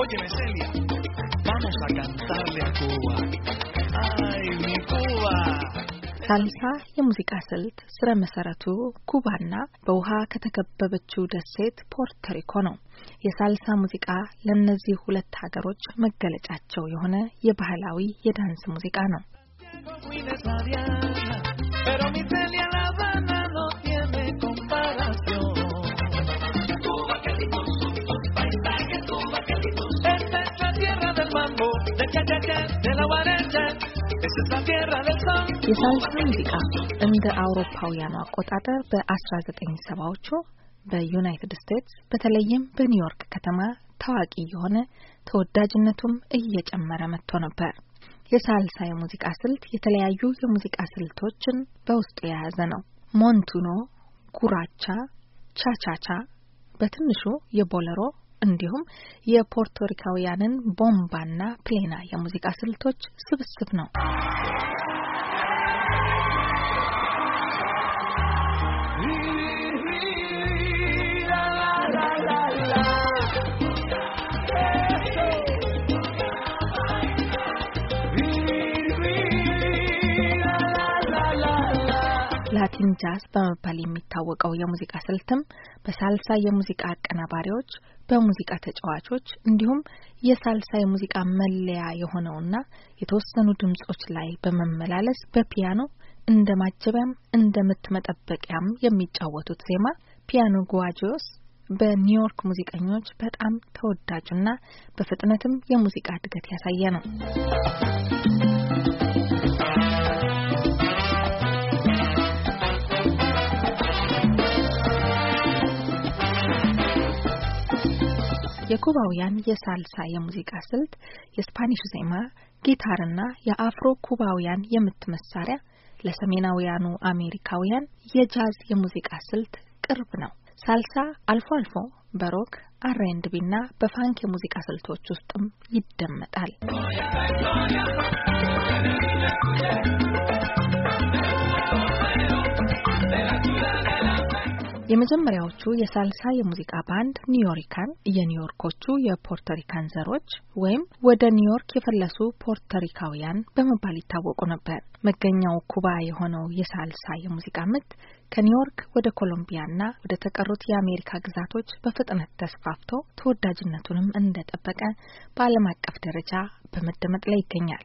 Óyeme, Celia, vamos a cantarle a Cuba. ¡Ay, mi Cuba! ሳልሳ የሙዚቃ ስልት ስረ መሰረቱ ኩባና በውሃ ከተከበበችው ደሴት ፖርቶሪኮ ነው። የሳልሳ ሙዚቃ ለእነዚህ ሁለት ሀገሮች መገለጫቸው የሆነ የባህላዊ የዳንስ ሙዚቃ ነው። የሳልሳ ሙዚቃ እንደ አውሮፓውያኑ አቆጣጠር በ1970ዎቹ በዩናይትድ ስቴትስ በተለይም በኒውዮርክ ከተማ ታዋቂ የሆነ ተወዳጅነቱም እየጨመረ መጥቶ ነበር። የሳልሳ የሙዚቃ ስልት የተለያዩ የሙዚቃ ስልቶችን በውስጡ የያዘ ነው። ሞንቱኖ፣ ጉራቻ፣ ቻቻቻ፣ በትንሹ የቦለሮ እንዲሁም የፖርቶሪካውያንን ቦምባና ፕሌና የሙዚቃ ስልቶች ስብስብ ነው። ላቲን ጃዝ በመባል የሚታወቀው የሙዚቃ ስልትም በሳልሳ የሙዚቃ አቀናባሪዎች፣ በሙዚቃ ተጫዋቾች እንዲሁም የሳልሳ የሙዚቃ መለያ የሆነውና የተወሰኑ ድምጾች ላይ በመመላለስ በፒያኖ እንደ ማጀቢያም እንደ ምት መጠበቂያም የሚጫወቱት ዜማ ፒያኖ ጓጆስ በኒውዮርክ ሙዚቀኞች በጣም ተወዳጁና በፍጥነትም የሙዚቃ እድገት ያሳየ ነው። የኩባውያን የሳልሳ የሙዚቃ ስልት የስፓኒሽ ዜማ፣ ጊታርና የአፍሮ ኩባውያን የምት መሳሪያ ለሰሜናውያኑ አሜሪካውያን የጃዝ የሙዚቃ ስልት ቅርብ ነው። ሳልሳ አልፎ አልፎ በሮክ አርኤንድቢ ና በፋንክ የሙዚቃ ስልቶች ውስጥም ይደመጣል። የመጀመሪያዎቹ የሳልሳ የሙዚቃ ባንድ ኒውዮሪካን የኒውዮርኮቹ የፖርቶሪካን ዘሮች ወይም ወደ ኒውዮርክ የፈለሱ ፖርቶሪካውያን በመባል ይታወቁ ነበር። መገኛው ኩባ የሆነው የሳልሳ የሙዚቃ ምት ከኒውዮርክ ወደ ኮሎምቢያና ወደ ተቀሩት የአሜሪካ ግዛቶች በፍጥነት ተስፋፍቶ ተወዳጅነቱንም እንደጠበቀ በዓለም አቀፍ ደረጃ በመደመጥ ላይ ይገኛል።